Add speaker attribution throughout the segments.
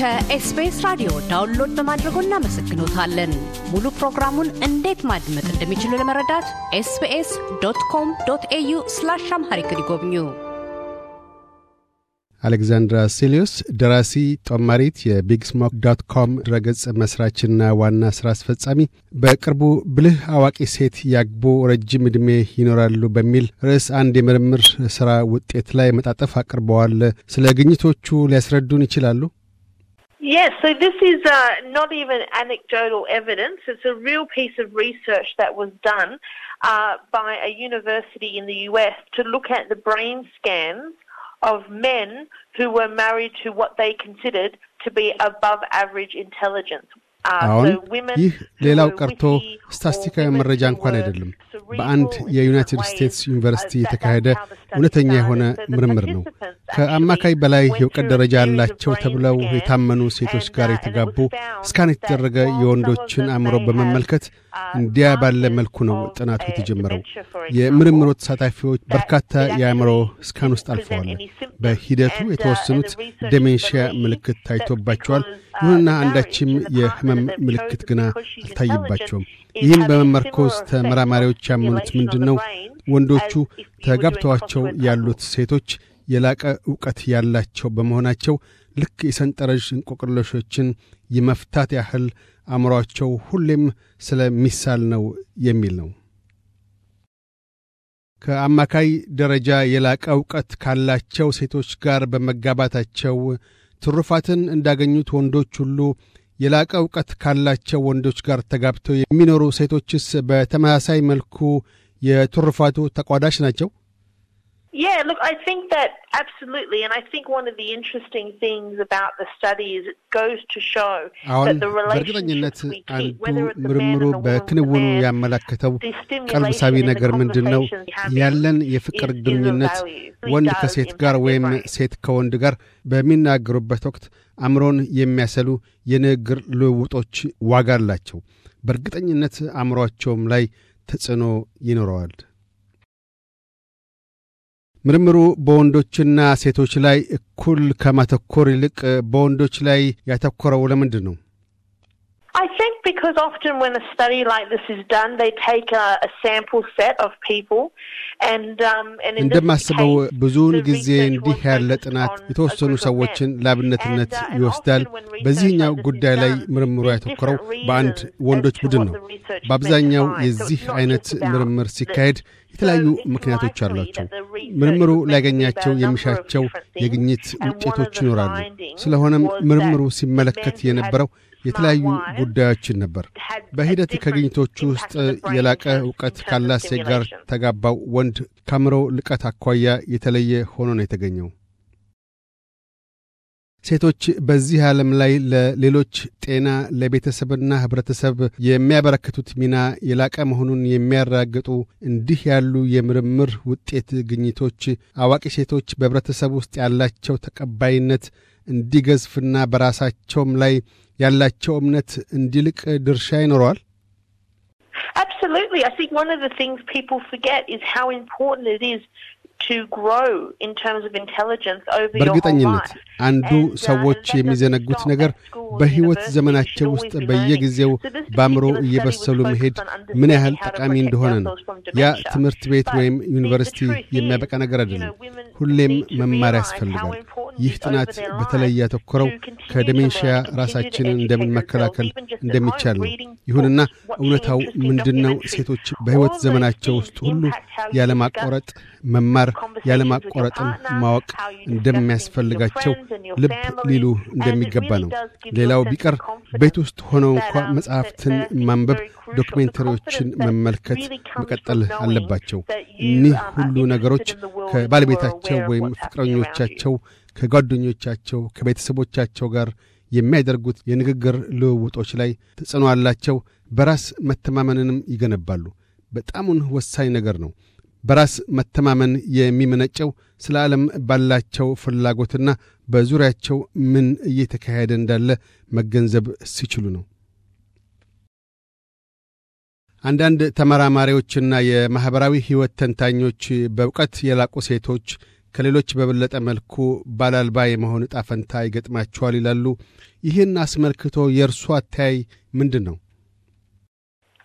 Speaker 1: ከኤስቢኤስ ራዲዮ ዳውንሎድ በማድረጎ እናመሰግኖታለን። ሙሉ ፕሮግራሙን እንዴት ማድመጥ እንደሚችሉ ለመረዳት ኤስቢኤስ ዶት ኮም ዶት ኤዩ ስላሽ አምሃሪክ ይጎብኙ።
Speaker 2: አሌክዛንድራ ሴሊዮስ ደራሲ፣ ጦማሪት፣ የቢግ ስሞክ ዶት ኮም ድረገጽ መስራችና ዋና ሥራ አስፈጻሚ በቅርቡ ብልህ አዋቂ ሴት ያግቡ ረጅም ዕድሜ ይኖራሉ በሚል ርዕስ አንድ የምርምር ሥራ ውጤት ላይ መጣጠፍ አቅርበዋል። ስለ ግኝቶቹ ሊያስረዱን ይችላሉ?
Speaker 1: Yes, so this is uh, not even anecdotal evidence. It's a real piece of research that was done uh, by a university in the US to look at the brain scans of men who were married to what they considered to be above average intelligence. Uh, አሁን ይህ
Speaker 2: ሌላው ቀርቶ ስታስቲካዊ መረጃ እንኳን አይደለም፣ በአንድ የዩናይትድ ስቴትስ uh, ዩኒቨርሲቲ የተካሄደ እውነተኛ የሆነ ምርምር ነው። ከአማካይ በላይ የእውቀት ደረጃ ያላቸው ተብለው የታመኑ ሴቶች uh, ጋር የተጋቡ እስካን የተደረገ የወንዶችን አእምሮ በመመልከት እንዲያ ባለ መልኩ ነው ጥናቱ የተጀመረው። የምርምሩ ተሳታፊዎች በርካታ የአእምሮ እስካን ውስጥ አልፈዋል። በሂደቱ የተወሰኑት ደሜንሽያ ምልክት ታይቶባቸዋል። ይሁንና አንዳችም የህመም ምልክት ግና አልታይባቸውም። ይህም በመመርኮዝ ተመራማሪዎች ያመኑት ምንድን ነው? ወንዶቹ ተጋብተዋቸው ያሉት ሴቶች የላቀ ዕውቀት ያላቸው በመሆናቸው ልክ የሰንጠረዥ እንቆቅልሾችን የመፍታት ያህል አእምሯቸው ሁሌም ስለሚሳል ነው የሚል ነው። ከአማካይ ደረጃ የላቀ ዕውቀት ካላቸው ሴቶች ጋር በመጋባታቸው ትሩፋትን እንዳገኙት ወንዶች ሁሉ የላቀ እውቀት ካላቸው ወንዶች ጋር ተጋብተው የሚኖሩ ሴቶችስ በተመሳሳይ መልኩ የትሩፋቱ ተቋዳሽ ናቸው?
Speaker 1: Yeah, look, I think that absolutely, and I think one of the interesting things about the study is it goes to show that the relationships
Speaker 2: we keep, whether it's the man and the woman, the man, the stimulation in the conversations we have ያለን የፍቅር ግንኙነት ወንድ ከሴት ጋር ወይም ሴት ከወንድ ጋር በሚናገሩበት ወቅት አእምሮን የሚያሰሉ የንግግር ልውውጦች ዋጋ አላቸው። በእርግጠኝነት አእምሮአቸውም ላይ ተጽዕኖ ይኖረዋል። ምርምሩ በወንዶችና ሴቶች ላይ እኩል ከማተኮር ይልቅ በወንዶች ላይ ያተኮረው ለምንድን ነው?
Speaker 1: I think because often when a study like this is done, they take a, a sample set of people and um, and እንደማስበው
Speaker 2: ብዙውን ጊዜ እንዲህ ያለ ጥናት የተወሰኑ ሰዎችን ላብነትነት uh, ይወስዳል። በዚህኛው ጉዳይ ላይ um, ምርምሩ ያተኮረው በአንድ ወንዶች ቡድን ነው። በአብዛኛው የዚህ አይነት ምርምር ሲካሄድ የተለያዩ ምክንያቶች አሏቸው። ምርምሩ ሊያገኛቸው የሚሻቸው የግኝት ውጤቶች ይኖራሉ። ስለሆነም ምርምሩ ሲመለከት የነበረው የተለያዩ ጉዳዮችን ነበር። በሂደት ከግኝቶቹ ውስጥ የላቀ እውቀት ካላት ሴት ጋር ተጋባው ወንድ ከአእምሮ ልቀት አኳያ የተለየ ሆኖ ነው የተገኘው። ሴቶች በዚህ ዓለም ላይ ለሌሎች ጤና፣ ለቤተሰብና ህብረተሰብ የሚያበረክቱት ሚና የላቀ መሆኑን የሚያራግጡ እንዲህ ያሉ የምርምር ውጤት ግኝቶች አዋቂ ሴቶች በህብረተሰብ ውስጥ ያላቸው ተቀባይነት እንዲገዝፍና በራሳቸውም ላይ ያላቸው እምነት እንዲልቅ ድርሻ ይኖረዋል?
Speaker 1: Absolutely. I think one of the things people forget is how important it is በእርግጠኝነት
Speaker 2: አንዱ ሰዎች የሚዘነጉት ነገር በሕይወት ዘመናቸው ውስጥ በየጊዜው በአእምሮ እየበሰሉ መሄድ ምን ያህል ጠቃሚ እንደሆነ ነው። ያ ትምህርት ቤት ወይም ዩኒቨርሲቲ የሚያበቃ ነገር አይደለም። ሁሌም መማር ያስፈልጋል። ይህ ጥናት በተለይ ያተኮረው ከደሜንሽያ ራሳችንን እንደምን መከላከል እንደሚቻል ነው። ይሁንና እውነታው ምንድነው? ሴቶች በሕይወት ዘመናቸው ውስጥ ሁሉ ያለማቋረጥ መማር፣ ያለማቆረጥን ማወቅ እንደሚያስፈልጋቸው ልብ ሊሉ እንደሚገባ ነው። ሌላው ቢቀር ቤት ውስጥ ሆነው እንኳ መጽሐፍትን ማንበብ፣ ዶክሜንተሪዎችን መመልከት መቀጠል አለባቸው። እኒህ ሁሉ ነገሮች ከባለቤታቸው ወይም ፍቅረኞቻቸው፣ ከጓደኞቻቸው፣ ከቤተሰቦቻቸው ጋር የሚያደርጉት የንግግር ልውውጦች ላይ ተጽዕኖ አላቸው። በራስ መተማመንንም ይገነባሉ። በጣሙን ወሳኝ ነገር ነው። በራስ መተማመን የሚመነጨው ስለ ዓለም ባላቸው ፍላጎትና በዙሪያቸው ምን እየተካሄደ እንዳለ መገንዘብ ሲችሉ ነው። አንዳንድ ተመራማሪዎችና የማኅበራዊ ሕይወት ተንታኞች በእውቀት የላቁ ሴቶች ከሌሎች በበለጠ መልኩ ባላልባ የመሆን ዕጣ ፈንታ ይገጥማቸዋል ይላሉ። ይህን አስመልክቶ የእርሱ አተያይ ምንድን ነው?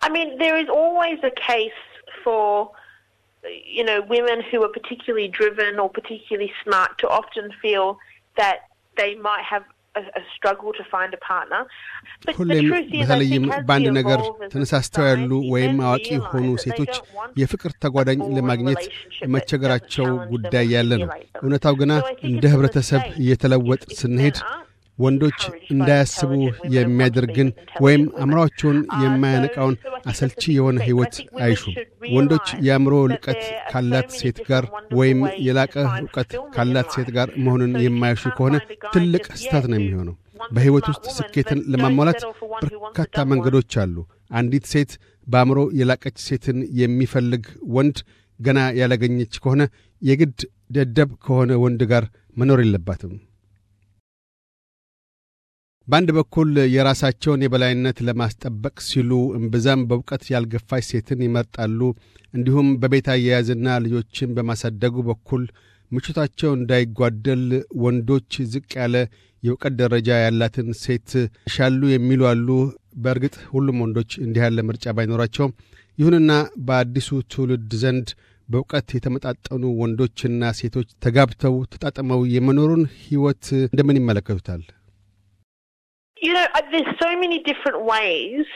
Speaker 1: I mean, there is always a case for you know, women who are particularly driven or particularly smart to often feel that they might have
Speaker 2: ሁሌም በተለይም በአንድ ነገር ተነሳስተው ያሉ ወይም አዋቂ የሆኑ ሴቶች የፍቅር ተጓዳኝ ለማግኘት መቸገራቸው ጉዳይ ያለ ነው። እውነታው ግና እንደ ህብረተሰብ እየተለወጥ ስንሄድ ወንዶች እንዳያስቡ የሚያደርግን ወይም አእምሯቸውን የማያነቃውን አሰልቺ የሆነ ሕይወት አይሹም። ወንዶች የአእምሮ ልቀት ካላት ሴት ጋር ወይም የላቀ እውቀት ካላት ሴት ጋር መሆኑን የማያሹ ከሆነ ትልቅ ስህተት ነው የሚሆነው። በሕይወት ውስጥ ስኬትን ለማሟላት በርካታ መንገዶች አሉ። አንዲት ሴት በአእምሮ የላቀች ሴትን የሚፈልግ ወንድ ገና ያላገኘች ከሆነ የግድ ደደብ ከሆነ ወንድ ጋር መኖር የለባትም። በአንድ በኩል የራሳቸውን የበላይነት ለማስጠበቅ ሲሉ እምብዛም በእውቀት ያልገፋች ሴትን ይመርጣሉ። እንዲሁም በቤት አያያዝና ልጆችን በማሳደጉ በኩል ምቾታቸው እንዳይጓደል ወንዶች ዝቅ ያለ የእውቀት ደረጃ ያላትን ሴት ይሻሉ የሚሉ አሉ። በእርግጥ ሁሉም ወንዶች እንዲህ ያለ ምርጫ ባይኖራቸውም፣ ይሁንና በአዲሱ ትውልድ ዘንድ በእውቀት የተመጣጠኑ ወንዶችና ሴቶች ተጋብተው ተጣጥመው የመኖሩን ሕይወት እንደምን ይመለከቱታል?
Speaker 1: You know, there's so many different ways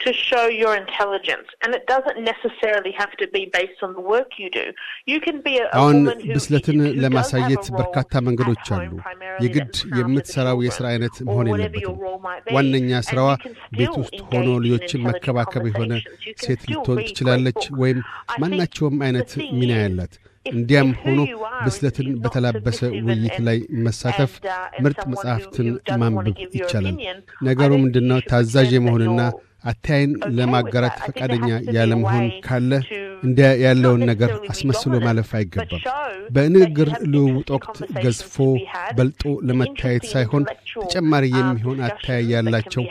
Speaker 1: to show your intelligence, and it doesn't necessarily have to be based on the work you do. You can be a,
Speaker 2: a አሁን ብስለትን ለማሳየት በርካታ መንገዶች አሉ። የግድ የምትሰራው የሥራ አይነት መሆን የለበትም። ዋነኛ ሥራዋ ቤት ውስጥ ሆኖ ልጆችን መከባከብ የሆነ ሴት ልትሆን ትችላለች፣ ወይም ማናቸውም አይነት ሚና ያላት እንዲያም ሆኖ ብስለትን በተላበሰ ውይይት ላይ መሳተፍ፣ ምርጥ መጽሐፍትን ማንበብ ይቻላል። ነገሩ ምንድነው? ታዛዥ የመሆንና አታይን ለማጋራት ፈቃደኛ ያለመሆን ካለ እንዲያ ያለውን ነገር አስመስሎ ማለፍ አይገባም። በንግግር ልውውጥ ወቅት ገዝፎ በልጦ ለመታየት ሳይሆን ተጨማሪ የሚሆን አታያ ያላቸው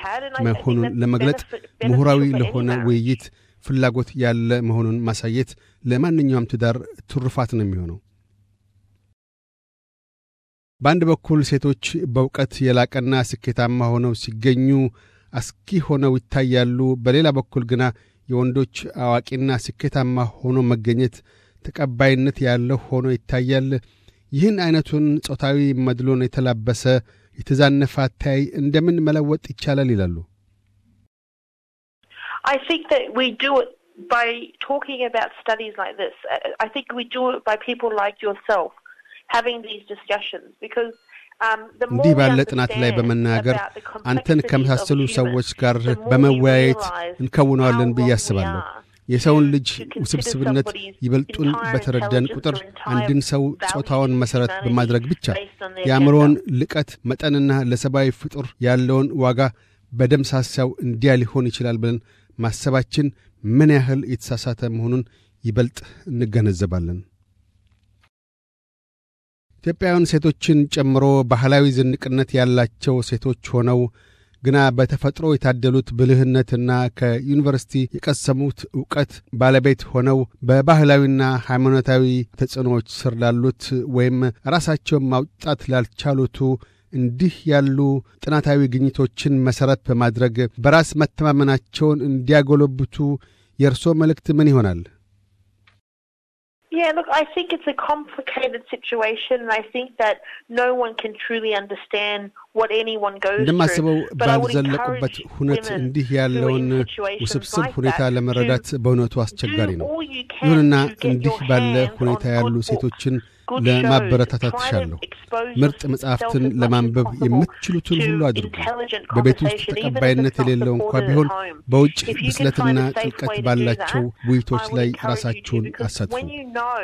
Speaker 2: መሆኑን ለመግለጥ ምሁራዊ ለሆነ ውይይት ፍላጎት ያለ መሆኑን ማሳየት ለማንኛውም ትዳር ትሩፋት ነው የሚሆነው። በአንድ በኩል ሴቶች በእውቀት የላቀና ስኬታማ ሆነው ሲገኙ አስኪ ሆነው ይታያሉ። በሌላ በኩል ግና የወንዶች አዋቂና ስኬታማ ሆኖ መገኘት ተቀባይነት ያለው ሆኖ ይታያል። ይህን ዐይነቱን ጾታዊ መድሎን የተላበሰ የተዛነፈ አታይ እንደምን መለወጥ ይቻላል ይላሉ።
Speaker 1: I think that we do it by talking about studies like this. I think we do it by people like yourself having these discussions because um,
Speaker 2: እንዲህ ባለ ጥናት ላይ በመናገር አንተን ከመሳሰሉ ሰዎች ጋር በመወያየት እንከውነዋለን ብዬ አስባለሁ። የሰውን ልጅ ውስብስብነት ይበልጡን በተረዳን ቁጥር አንድን ሰው ጾታውን መሠረት በማድረግ ብቻ የአእምሮውን ልቀት መጠንና ለሰብአዊ ፍጡር ያለውን ዋጋ በደምሳሳው እንዲያ ሊሆን ይችላል ብለን ማሰባችን ምን ያህል የተሳሳተ መሆኑን ይበልጥ እንገነዘባለን። ኢትዮጵያውያን ሴቶችን ጨምሮ ባህላዊ ዝንቅነት ያላቸው ሴቶች ሆነው ግና በተፈጥሮ የታደሉት ብልህነትና ከዩኒቨርስቲ የቀሰሙት ዕውቀት ባለቤት ሆነው በባህላዊና ሃይማኖታዊ ተጽዕኖዎች ስር ላሉት ወይም ራሳቸውን ማውጣት ላልቻሉቱ እንዲህ ያሉ ጥናታዊ ግኝቶችን መሠረት በማድረግ በራስ መተማመናቸውን እንዲያጎለብቱ የእርሶ መልእክት ምን ይሆናል?
Speaker 1: Yeah, look, I think it's a complicated situation, and I think that no one can truly understand what anyone goes እንደማስበው ባልዘለቁበት
Speaker 2: ሁነት እንዲህ ያለውን ውስብስብ ሁኔታ ለመረዳት በእውነቱ አስቸጋሪ ነው። ይሁንና እንዲህ ባለ ሁኔታ ያሉ ሴቶችን ለማበረታታት ሻለሁ። ምርጥ መጽሐፍትን ለማንበብ የምትችሉትን ሁሉ አድርጉ። በቤት ውስጥ ተቀባይነት የሌለው እንኳ ቢሆን በውጭ ብስለትና ጥልቀት ባላቸው ውይይቶች ላይ ራሳችሁን አሳትፉ።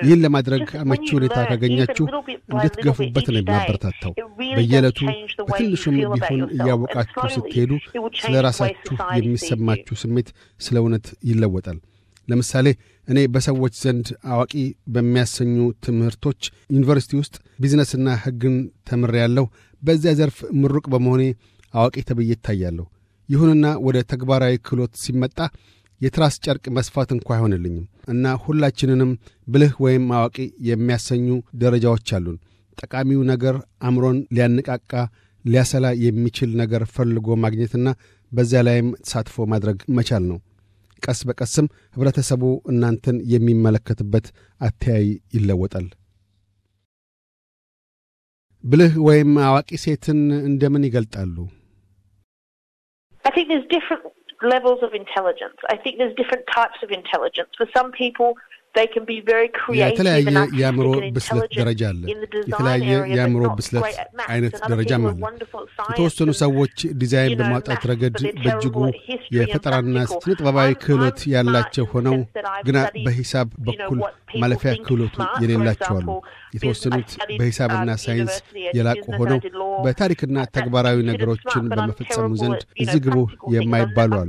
Speaker 2: ይህን ለማድረግ አመቺ ሁኔታ ካገኛችሁ እንድትገፉበት ነው የማበረታታው። በየዕለቱ በትንሹም ቢሆን እያወቃችሁ ስትሄዱ ስለ ራሳችሁ የሚሰማችሁ ስሜት ስለ እውነት ይለወጣል። ለምሳሌ እኔ በሰዎች ዘንድ አዋቂ በሚያሰኙ ትምህርቶች ዩኒቨርሲቲ ውስጥ ቢዝነስና ሕግን ተምሬያለሁ። በዚያ ዘርፍ ምሩቅ በመሆኔ አዋቂ ተብዬ ይታያለሁ። ይሁንና ወደ ተግባራዊ ክህሎት ሲመጣ የትራስ ጨርቅ መስፋት እንኳ አይሆንልኝም እና ሁላችንንም ብልህ ወይም አዋቂ የሚያሰኙ ደረጃዎች አሉን። ጠቃሚው ነገር አእምሮን ሊያነቃቃ ሊያሰላ የሚችል ነገር ፈልጎ ማግኘትና በዚያ ላይም ተሳትፎ ማድረግ መቻል ነው። ቀስ በቀስም ኅብረተሰቡ እናንተን የሚመለከትበት አተያይ ይለወጣል። ብልህ ወይም አዋቂ ሴትን እንደምን ይገልጣሉ?
Speaker 1: levels of intelligence. I think there's different types of intelligence. For some people, የተለያየ
Speaker 2: የአእምሮ ብስለት ደረጃ አለ። የተለያየ የአእምሮ ብስለት አይነት ደረጃም አለ። የተወሰኑ ሰዎች ዲዛይን በማውጣት ረገድ በእጅጉ የፈጠራና ስነ ጥበባዊ ክህሎት ያላቸው ሆነው ግና በሂሳብ በኩል ማለፊያ ክህሎቱ የሌላቸው አሉ። የተወሰኑት በሂሳብና ሳይንስ የላቁ ሆነው በታሪክና ተግባራዊ ነገሮችን በመፈጸሙ ዘንድ እዚህ ግቡ የማይባሉ አሉ።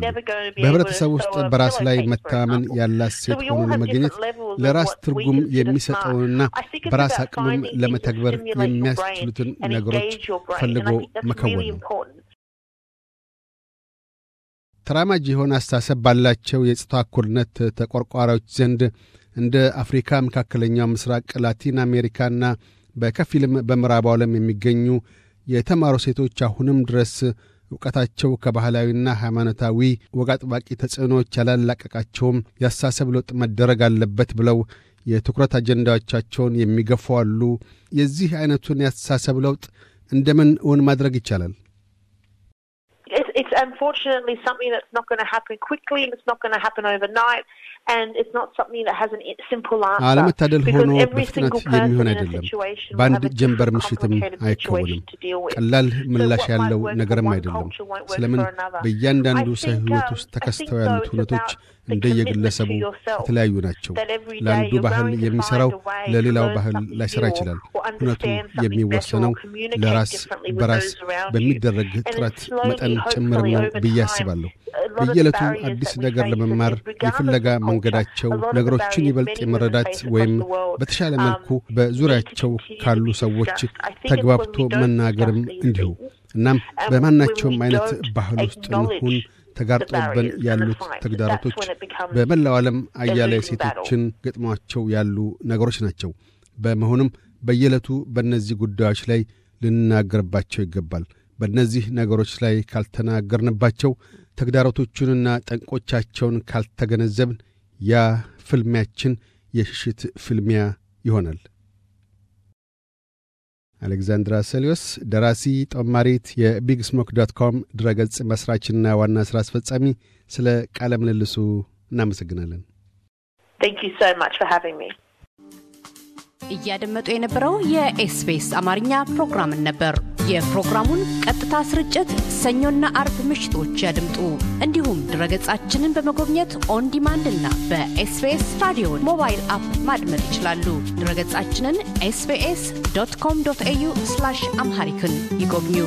Speaker 2: በህብረተሰብ ውስጥ በራስ ላይ መተማመን ያላት ሴት ሆኖ ለመገኘት ለራስ ትርጉም የሚሰጠውንና በራስ አቅምም ለመተግበር የሚያስችሉትን ነገሮች ፈልጎ መከወን ነው። ተራማጅ የሆነ አስተሳሰብ ባላቸው የጾታ እኩልነት ተቆርቋሪዎች ዘንድ እንደ አፍሪካ፣ መካከለኛው ምስራቅ፣ ላቲን አሜሪካና በከፊልም በምዕራብ ዓለም የሚገኙ የተማሩ ሴቶች አሁንም ድረስ እውቀታቸው ከባህላዊና ሃይማኖታዊ ወግ አጥባቂ ተጽዕኖዎች ያላላቀቃቸውም ያሳሰብ ለውጥ መደረግ አለበት ብለው የትኩረት አጀንዳዎቻቸውን የሚገፉ አሉ። የዚህ አይነቱን ያስተሳሰብ ለውጥ እንደምን እውን ማድረግ ይቻላል?
Speaker 1: It's unfortunately something that's not going to happen quickly and it's not going to happen overnight. አለመታደል ሆኖ በፍጥነት የሚሆን አይደለም። በአንድ
Speaker 2: ጀንበር ምሽትም አይከወንም። ቀላል ምላሽ ያለው ነገርም አይደለም። ስለምን በእያንዳንዱ ሰው ሕይወት um, ውስጥ ተከስተው uh, ያሉት ሁነቶች እንደየግለሰቡ የተለያዩ ናቸው። ለአንዱ ባህል የሚሰራው ለሌላው ባህል ላይሠራ ይችላል። እውነቱ የሚወሰነው ለራስ በራስ በሚደረግ ጥረት መጠን ጭምር ነው ብዬ አስባለሁ። በየዕለቱ አዲስ ነገር ለመማር የፍለጋ መንገዳቸው ነገሮችን ይበልጥ የመረዳት ወይም በተሻለ መልኩ በዙሪያቸው ካሉ ሰዎች ተግባብቶ መናገርም እንዲሁ። እናም በማናቸውም አይነት ባህል ውስጥ እንሁን ተጋርጦብን ያሉት ተግዳሮቶች በመላው ዓለም አያሌ ሴቶችን ገጥሟቸው ያሉ ነገሮች ናቸው። በመሆኑም በየዕለቱ በእነዚህ ጉዳዮች ላይ ልንናገርባቸው ይገባል። በእነዚህ ነገሮች ላይ ካልተናገርንባቸው ተግዳሮቶቹንና ጠንቆቻቸውን ካልተገነዘብን ያ ፍልሚያችን የሽሽት ፍልሚያ ይሆናል። አሌክዛንድራ ሰሊዮስ ደራሲ፣ ጦማሪት፣ የቢግ ስሞክ ዶት ኮም ድረገጽ መስራችና ዋና ሥራ አስፈጻሚ፣ ስለ ቃለ ምልልሱ እናመሰግናለን።
Speaker 1: እያደመጡ የነበረው የኤስፔስ አማርኛ ፕሮግራምን ነበር። የፕሮግራሙን ቀጥታ ስርጭት ሰኞና አርብ ምሽቶች ያድምጡ። እንዲሁም ድረገጻችንን በመጎብኘት ኦን ዲማንድ እና በኤስቤስ ራዲዮን ሞባይል አፕ ማድመጥ ይችላሉ። ድረገጻችንን ኤስቤስ ዶት ኮም ዶት ኤዩ አምሃሪክን ይጎብኙ።